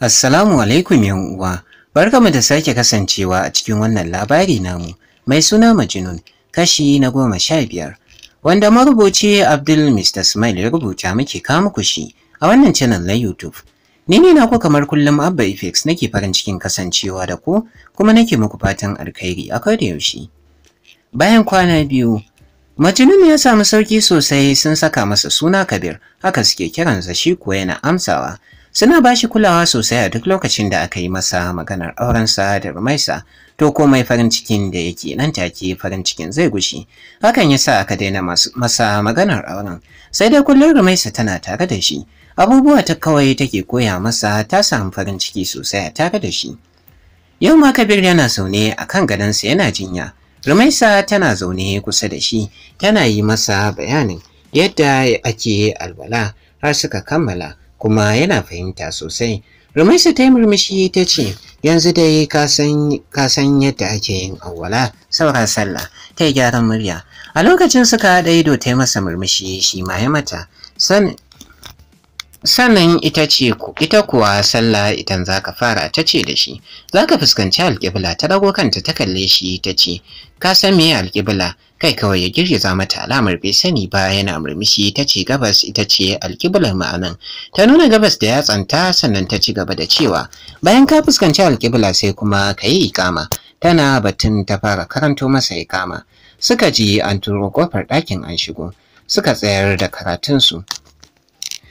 Assalamu alaikum yan uwa. Barkamu da sake kasancewa a cikin wannan labari namu mai suna Majnun kashi na goma sha biyar wanda marubuci Abdul Mr. Smile ya rubuta muke ka muku shi a wannan channel na YouTube. Ni ne naku kamar kullum Abba Effects nake farin cikin kasancewa da ku kuma nake muku fatan alkhairi a koda yaushe. Bayan kwana biyu Majnun ya samu sauki sosai sun saka masa suna Kabir haka suke kiransa shi ko yana amsawa Suna ba shi kulawa sosai a duk lokacin da aka yi masa maganar aurensa da Rumaisa, to komai farin cikin da yake nan take farin cikin zai gushi. Hakan yasa sa aka daina masa maganar auren, sai dai kullum Rumaisa tana tare da shi. Abubuwa ta kawai take koya masa ta samu farin ciki sosai a tare da shi. Yau ma Kabir yana zaune a kan gadonsa yana jinya. Rumaisa tana zaune kusa da shi, tana yi masa bayanin yadda ake albala har suka kammala. kuma yana fahimta sosai rumaisu ta yi murmushi ta ce yanzu dai ka san yadda ake yin awwala saura sallah ta yi gyaran murya a lokacin suka haɗa ido ta yi masa murmushi shi ma ya mata sannan ita ce ita kuwa sallah idan zaka fara ta ce da shi zaka fuskanci alƙibla ta dago kanta ta kalle shi ta ce ka san me alƙibla kai kawai ya girgiza mata alamar bai sani ba yana murmushi ta ce gabas ita ce alƙiblar ma'anan ta nuna gabas da yatsanta sannan ta ci gaba da cewa bayan ka fuskanci alƙibla sai kuma ka yi ikama tana batun ta fara karanto masa ikama suka ji an turo kofar ɗakin an shigo suka tsayar da karatunsu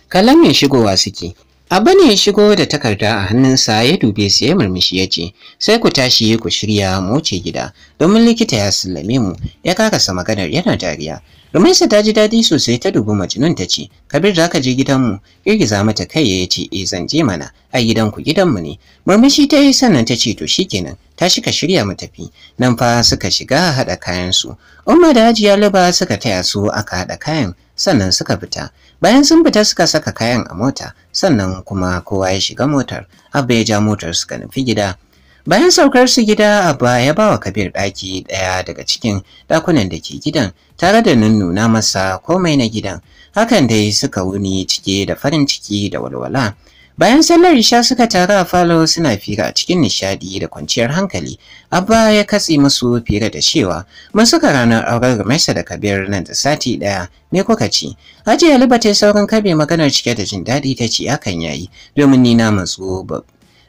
kallon mai shigowa suke Abba ne ya shigo da takarda a hannunsa ya dube su ya murmushi ya ce, Sai ku tashi ku shirya mu ce gida, domin likita ya sallame mu, ya karasa maganar yana dariya. Rumaisa ta ji daɗi sosai ta dubi majinun ta ce, Kabir za ka je gidanmu, girgiza mata kai ya ce, E zan je mana, a gidanku gidanmu ne. Murmushi ta yi sannan ta ce, To shikenan, ta shika shirya mu tafi. Nan fa suka shiga haɗa kayansu. Umma da Hajiya Luba suka taya su aka haɗa kayan, sannan suka fita bayan sun fita suka saka kayan a mota sannan kuma kowa ya shiga motar abba ya ja motar suka nufi gida bayan saukar su gida abba ya ba wa kabir ɗaki ɗaya daga cikin ɗakunan da ke gidan tare da nunnuna masa komai na gidan hakan dai suka wuni cike da farin ciki da walwala Bayan sallar isha suka taru a falo suna fira cikin nishadi da kwanciyar hankali. Abba ya katse musu fira da cewa mun suka ranar auren Rumesa da Kabir nan da sati ɗaya me kuka ci? Hajiya ba ta saurin kabe maganar cike da jin daɗi ta ce hakan yayi domin ni na matsu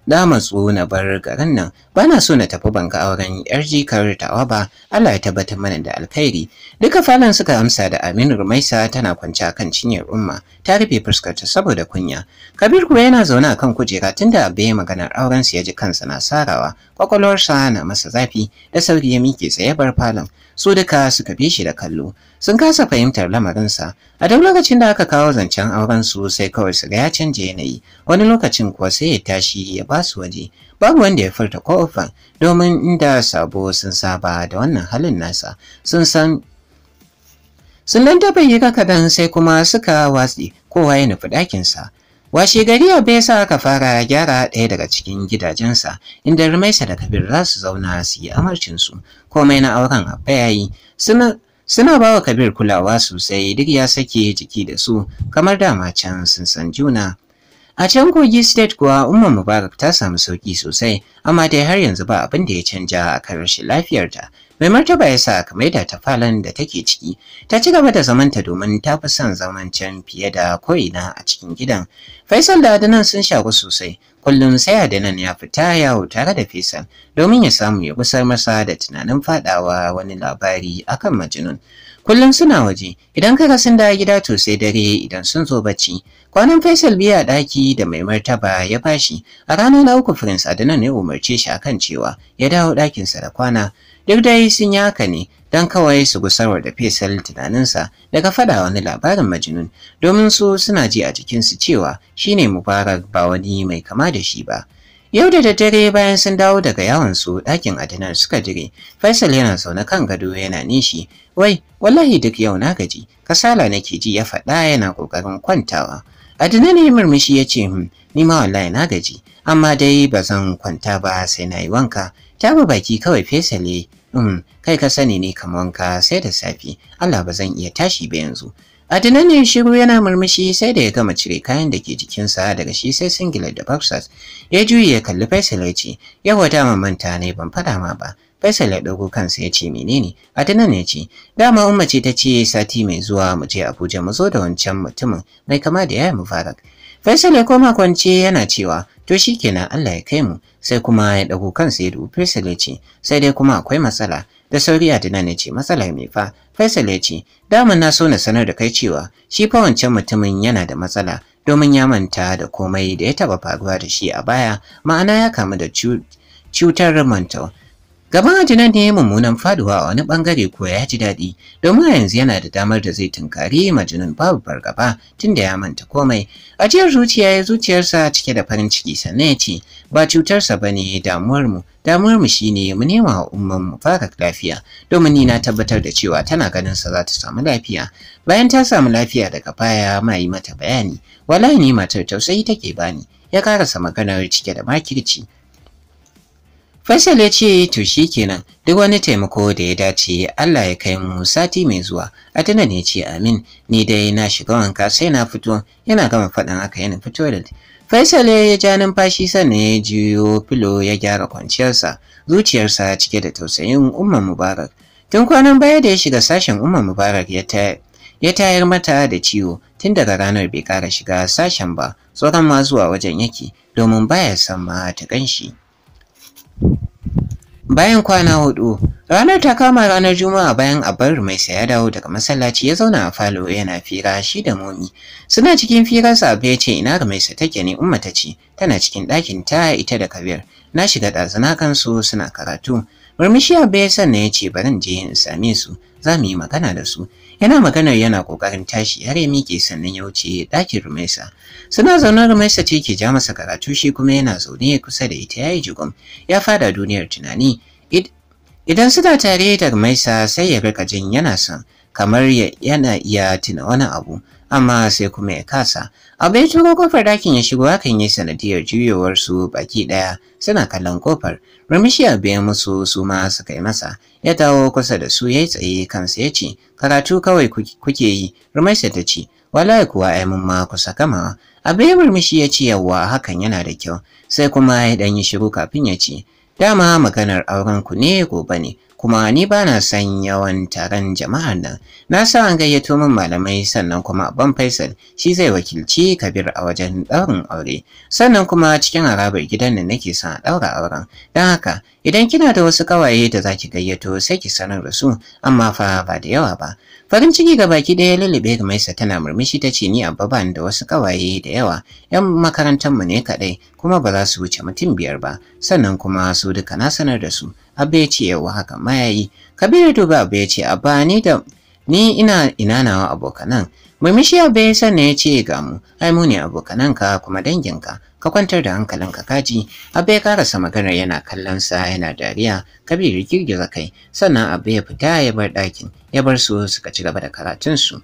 na matsu na bar garin nan ba na so na tafi banka auren yar jikar tawa ba Allah ya tabbatar mana da alkhairi duka falon suka amsa da Aminu Rumaisa tana kwance kan cinyar umma ta rufe fuskarta saboda kunya Kabir kuwa yana zaune kan kujera tunda bai maganar auren su ya ji kansa na sarawa Ƙwaƙwalwarsa na masa zafi da sauri ya miƙe tsaye bar falon su duka suka bi shi da kallo sun kasa fahimtar lamarinsa a duk lokacin da aka kawo zancen auren su sai kawai su ga ya canja yanayi wani lokacin kuwa sai ya tashi ya ba su waje babu wanda ya furta kofar domin inda sabo sun saba da wannan halin nasa sun san sun da bai yi kakadan sai kuma suka watsi kowa ya nufi ɗakinsa Washe gari yau bai sa aka fara gyara ɗaya daga cikin gidajensa inda Rumaisa da Kabir za su zauna su yi amarcinsu komai na auren abba ya suna suna ba wa Kabir kulawa sosai duk ya sake jiki da su kamar dama can sun san juna. A can Kogi State kuwa Umma Mubarak ta samu sauki sosai amma dai har yanzu ba abin da ya canja a kan rashin lafiyarta mai martaba ya sa kamar da ta falon da take ciki ta ci gaba da zamanta domin ta fi son zaman can fiye da ko'ina a cikin gidan faisal da adanan sun shaku sosai kullum sai adanan ya fita yawo tare da faisal domin ya samu ya gusar masa da tunanin fadawa wani labari akan majinun kullum suna waje idan kaga sun dawo gida to sai dare idan sun zo bacci kwanan faisal biya daki da mai martaba ya bashi a ranar na uku prince adanan ya umarce shi akan cewa ya dawo dakinsa da kwana duk dai sun yi haka ne don kawai su gusarwa da fesar tunaninsa daga faɗa wani labarin majinun domin su suna ji a jikinsu cewa shi ne mubarak ba wani mai kama da shi ba Yau da daddare bayan sun dawo daga yawon su ɗakin Adinar suka dire, Faisal yana zaune kan gado yana nishi, wai wallahi duk yau na gaji, kasala nake ji ya faɗa yana ƙoƙarin kwantawa. Adina ne murmushi ya ce, hmm, ni ma wallahi na gaji, amma dai ba zan kwanta ba sai na yi wanka, ta baki kawai Faisal um kai ka sani ne kaman ka sai da safi Allah ba zan iya tashi ba yanzu Adina ne shiru yana murmushi sai da ya gama cire kayan da ke jikinsa daga shi sai singlet da boxers. Ya juyi ya kalli Faisal ya ce, "Yawa dama manta ne ban faɗa ma ba." Faisal ya ɗago kansa ya ce menene? A Adina ne ce, "Dama umma ce ta ce sati mai zuwa mu je Abuja mu zo da wancan mutumin mai kama da yaya Mubarak." Faisal ya koma kwance yana cewa to shi kenan Allah ya kai mu sai kuma ya dago kansa ya dubi Faisal ya ce sai dai kuma akwai matsala da sauri Adnan ne ce matsala mai fa Faisal ya ce damun na so na sanar da kai cewa shi fa wancan mutumin yana da matsala domin ya manta da komai da ya taba faruwa da shi a baya ma'ana ya kamu da cutar mantau Gaban Ajinan ne mummunan faduwa a wani bangare ko ya ji daɗi, domin a yanzu yana da damar da zai tunkari majinin babu fargaba tunda ya manta komai. Ajiyar zuciya ya zuciyarsa cike da farin ciki sannan ya ce, ba cutarsa ba ne damuwarmu, damuwarmu shi ne mu nema wa ummanmu farak lafiya, domin ni na tabbatar da cewa tana ganin sa za ta samu lafiya. Bayan ta samu lafiya daga baya ma yi mata bayani, wallahi ni matar tausayi take bani, ya karasa maganar cike da makirci. Faisal ya ce to kenan duk wani taimako da ya dace Allah ya kai mu sati mai zuwa. a tana ne ce amin ni dai na shiga wanka sai na fito yana gama faɗan haka yana fito da Faisal ya ja numfashi sannan ya jiyo filo ya gyara kwanciyarsa zuciyarsa cike da tausayin Umma Mubarak. Tun kwanan baya da ya shiga sashen Umma Mubarak ya ta ya tayar mata da ciwo tun daga ranar bai kara shiga sashen ba tsoron ma zuwa wajen yake domin baya san ma ta ganshi. Bayan kwana hudu, ranar ta kama ranar Juma'a bayan Abar mai saya dawo daga masallaci ya zauna a falo yana fira shi da momi. Suna cikin firarsa Abu ya ce ina Rumaisa take ne Umma ta ce tana cikin ɗakin ta ita da Kabir. Na shiga ɗazuna kansu suna karatu. Murmushi Abu ya sanna ya ce bari je in same su. za mu yi magana da su yana maganar yana kokarin tashi har ya miƙe sannan ya wuce ɗakin rumaisa suna zaune rumaisa ce ke ja masa karatu shi kuma yana zaune kusa da ita yayi jigum ya fada duniyar tunani idan suna tare da rumaisa sai ya rika jin yana son kamar yana iya tuna wani abu amma sai kuma ya kasa Abu ya turo kofar dakin ya shigo hakan ya sanadiyar juyowar su baki ɗaya suna kallon kofar. ramishi ya ya musu su ma su kai masa. Ya dawo kusa da su ya tsaye kansa ya ce, karatu kawai kuke yi, ramishi ta ce, wallahi kuwa ai mun ma kusa kama Abu murmushi ya ce yawa hakan yana da kyau, sai kuma ya dan yi shiru kafin ya ce, dama maganar auren ku ne gobe ne, kuma ni ba na san yawan taron jama'ar nan na sa an gayyato min malamai sannan kuma ban faisal shi zai wakilci kabir a wajen ɗaurin aure sannan kuma cikin harabar gidan nan nake son a ɗaura auren don haka idan kina da wasu kawaye da za ki gayyato sai ki sanar da su amma fa ba da yawa ba farin ciki ga baki ɗaya lullube maisa tana murmushi ta ce ni abba ban da wasu kawaye da yawa yan makarantar mu ne kaɗai kuma ba za su wuce mutum biyar ba sannan kuma su duka na sanar da su Abba ya ce yawa haka mayayi. Kabiru duba Abba ya ce Abba ni da ni ina ina nawa abokanan. mamishi Abba ya sanna ya ce ga mu ai mu ne abokananka kuma danginka. Ka kwantar da hankalin ka kaji. Abba ya karasa maganar yana kallon sa yana dariya. Kabiru girgiza kai sannan abu ya fita ya bar ɗakin ya bar su suka ci gaba da karatunsu.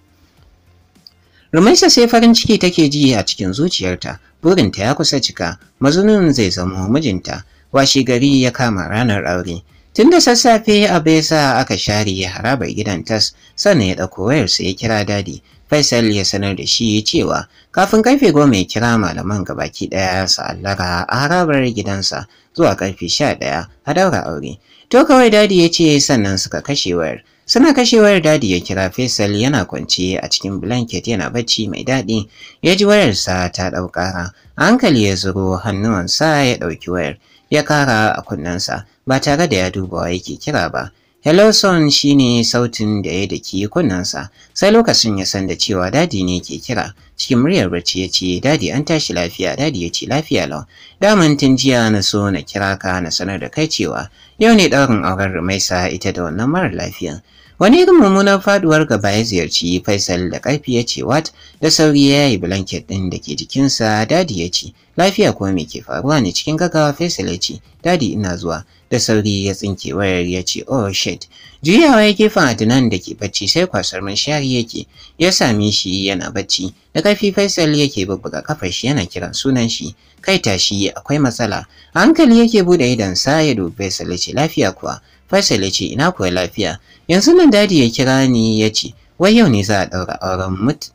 Rumaisa sai farin ciki take ji a cikin zuciyarta, burinta ya kusa cika, mazunin zai zama mijinta, washe gari ya kama ranar aure tun da sassafe a besa aka share ya haraba gidan tas sannan ya ɗauko wayarsa ya kira dadi faisal ya sanar da shi cewa kafin karfe goma ya kira malaman gabaki ɗaya su allara a harabar gidansa zuwa karfe sha ɗaya a daura aure to kawai dadi ya ce sannan suka kashe wayar suna kashe wayar dadi ya kira Faisal yana kwance a cikin blanket yana bacci mai daɗi ya ji wayarsa ta ɗau ƙara hankali ya zuro hannuwansa ya ɗauki wayar ya kara a kunnensa ba tare da ya duba wa yake kira ba. Hellowson shi ne sautin da ya daki kunnensa, sai lokacin ya san da cewa dadi ne ke kira. Cikin muryar barci ya ce, Dadi an tashi lafiya, dadi ya ce lafiya lau. Daman tun jiya na so na kira ka na sanar da kai cewa yau ne ɗaurin auren Rumaisa ita da wannan mara lafiyan. Wani irin mummunan faduwar gaba ya ziyarci Faisal da karfi ya ce wat da sauri ya yi blanket ɗin da ke jikinsa dadi ya ce lafiya kuwa mai ke faruwa ne cikin gaggawa Faisal ya ce dadi ina zuwa da sauri ya tsinke wayar ya ce oh shit juyawa ya gefen dunan da ke bacci sai kwasar shari yake ya same shi yana bacci da karfi Faisal yake bubbuga kafar shi yana kiran sunan shi kai tashi akwai matsala hankali yake bude idan sa ya dubi Faisal ya ce lafiya kuwa Faisal ya ce ina kuwa lafiya. Yanzu nan dadi ya kira ni ya ce wai yau ne za a ɗaura auren mut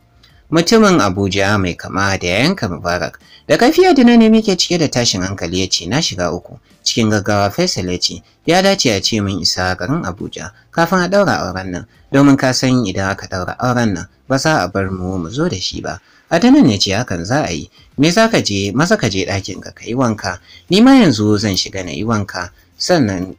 mutumin Abuja mai kama da yanka Mubarak. Da kafiya dina ne muke cike da tashin hankali ya ce na shiga uku. Cikin gaggawa Faisal ya ce ya dace a ce mun isa garin Abuja kafin a ɗaura auren nan domin ka san idan aka ɗaura auren nan ba za a bar mu mu zo da shi ba. nan ne ce hakan za a yi. Me za ka je masa ka je ɗakin ka ka yi wanka. Ni ma yanzu zan shiga na yi wanka sannan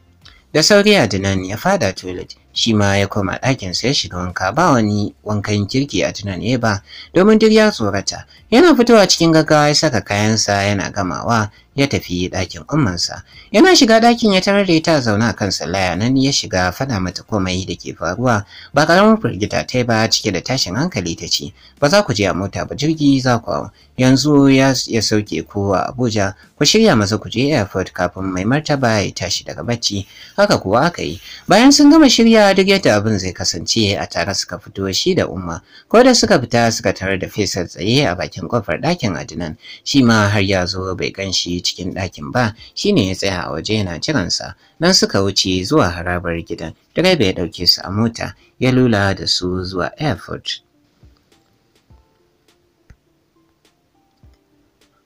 da sauri Adnan ya fada toilet shi ma ya koma ɗakinsa ya shiga wanka ba wani wankan kirki a tunan ya ba domin duk ya tsorata yana fitowa cikin gaggawa ya saka kayansa yana gamawa ya tafi ɗakin ummansa yana shiga ɗakin ya tarar da ita zaune a kan sallaya nan ya shiga faɗa mata komai da ke faruwa ba ƙaramin firgita ta ba cike da tashin hankali ta ce ba za ku je a mota ba jirgi za ku hau yanzu ya sauke ku a abuja ku shirya masa ku je airport kafin mai martaba ya tashi daga bacci haka kuwa aka yi bayan sun gama shirya duk yadda abin zai kasance a tare suka fito shi da umma ko da suka fita suka tarar da fesar tsaye a bakin kofar ɗakin adinan shi ma har ya zo bai gan shi cikin ɗakin ba shi ne ya tsaya a waje yana jiransa nan suka wuce zuwa harabar gidan direba ya ɗauke su a mota ya lula da su zuwa airport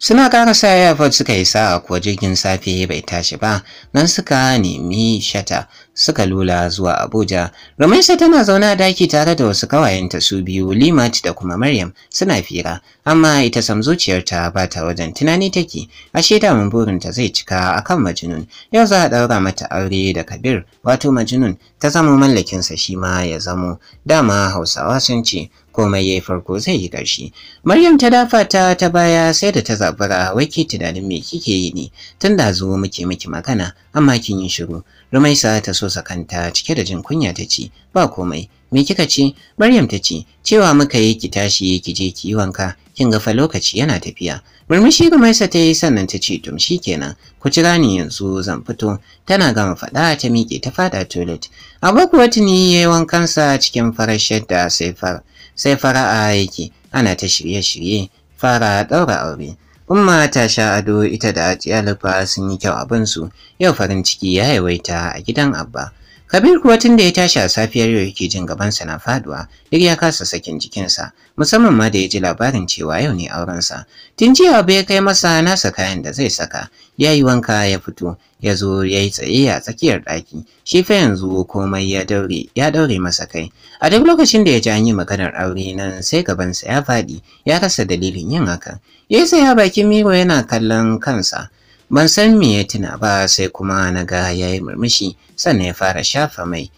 Suna sa airport suka yi a kuwa jirgin safe bai tashi ba, nan suka nemi shata suka lula zuwa Abuja. Rumaisa tana zauna a daki tare da wasu kawayenta su biyu Limat da kuma Maryam suna fira, amma ita sam zuciyarta ba ta wajen tunani take. Ashe da mun ta zai cika akan Majnun. Yau za a daura mata aure da Kabir, wato Majnun ta zamo mallakinsa shi ma ya zamo. Dama Hausawa sun ce komai yayi farko zai yi ƙarshe. Maryam ta dafa ta ta baya sai da ta zabura wai ke tunanin me kike yi ne tun da zo muke miki magana amma kin yi shiru Rumaisa ta so kanta cike da jin kunya ta ce ba komai me kika ce Maryam ta ce cewa muka yi ki tashi ki je ki yi wanka kin ga fa lokaci yana tafiya murmushi Rumaisa ta yi sannan ta ce tum kenan ku jira ni yanzu zan fito tana gama faɗa ta miƙe ta fada toilet Abaku Watini wankan sa cikin farashin da sai a yake ana ta shirye-shirye fara ɗaura aure Umma ta sha ado ita da Ajiya sun yi kyau abinsu, yau farin ciki ya yawaita a gidan Abba. Kabir kuwa tun da ya tashi a safiyar yau yake jin gabansa na faduwa, duk ya kasa sakin jikinsa, musamman ma da ya ji labarin cewa yau ne aurensa. Tun jiya abu ya kai masa nasa kayan da zai saka, ya yi wanka ya fito, ya zo ya yi tsaye a tsakiyar ɗaki, shi fa yanzu komai ya daure, ya daure masa kai. A duk lokacin da ya ji an yi maganar aure nan sai gabansa ya faɗi, ya rasa dalilin yin hakan. Ya yi ya bakin miro yana kallon kansa. ban san me ya tuna ba sai kuma na ga ya yi murmushi sannan ya fara shafa mai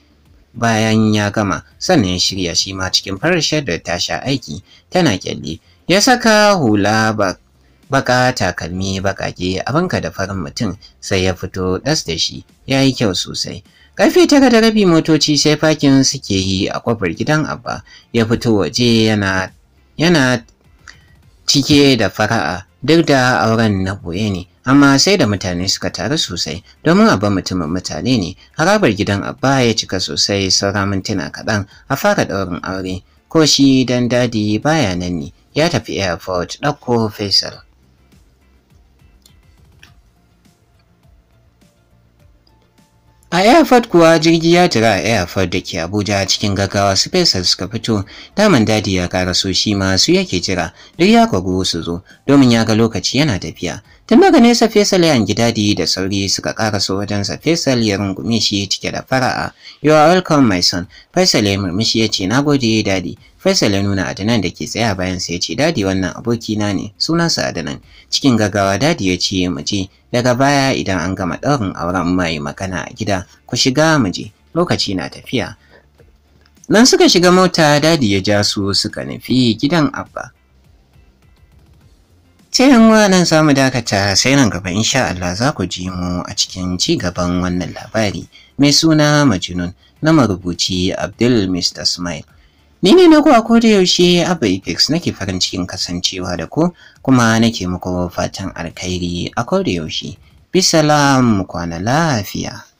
bayan ya gama sannan ya shirya shi ma cikin farashar da ta sha aiki tana kyalli ya saka hula baƙa baka takalmi bakake abinka da farin mutum sai ya fito ɗas da shi ya yi kyau sosai Ƙarfe tara da rabi motoci sai fakin suke yi a kofar gidan Abba ya fito waje yana yana cike da fara'a duk da auren na boye ne amma sai da mutane suka taru sosai domin abin mutumin mutane ne harabar gidan abba ya cika sosai saura mintuna kaɗan a fara ɗaurin aure ko shi dan dadi baya nan ne ya tafi airport ɗauko faisal A Airford kuwa jirgi ya jira a Airford da ke Abuja cikin gaggawa su Faisal suka fito, daman dadi ya karaso shi ma su yake jira, duk ya kwagu su zo, domin ya ga lokaci yana tafiya. Tun daga nesa Faisal ya gi dadi da sauri suka karaso sa Faisal ya rungume shi cike da fara'a. You are welcome my son. Faisal ya murmushi ya ce nagode dadi. Faisal ya nuna Adnan da ke tsaya bayan sa ya ce dadi wannan abokina ne sunansa Adnan. Cikin gaggawa dadi ya ce mu je daga baya idan an gama ɗaurin auren mai magana a gida ku shiga mu je lokaci na tafiya. Nan suka shiga mota dadi ya ja su suka nufi gidan Abba. sai yan nan za mu dakata sai nan gaba insha Allah za ku ji mu a cikin ci gaban wannan labari mai suna Majnun na marubuci Abdul Mr. Smile. Ni ne na ku a koda yaushe Abba Apex nake farin cikin kasancewa da ku kuma nake muku fatan alkhairi a koda yaushe. Bisalam kwana lafiya.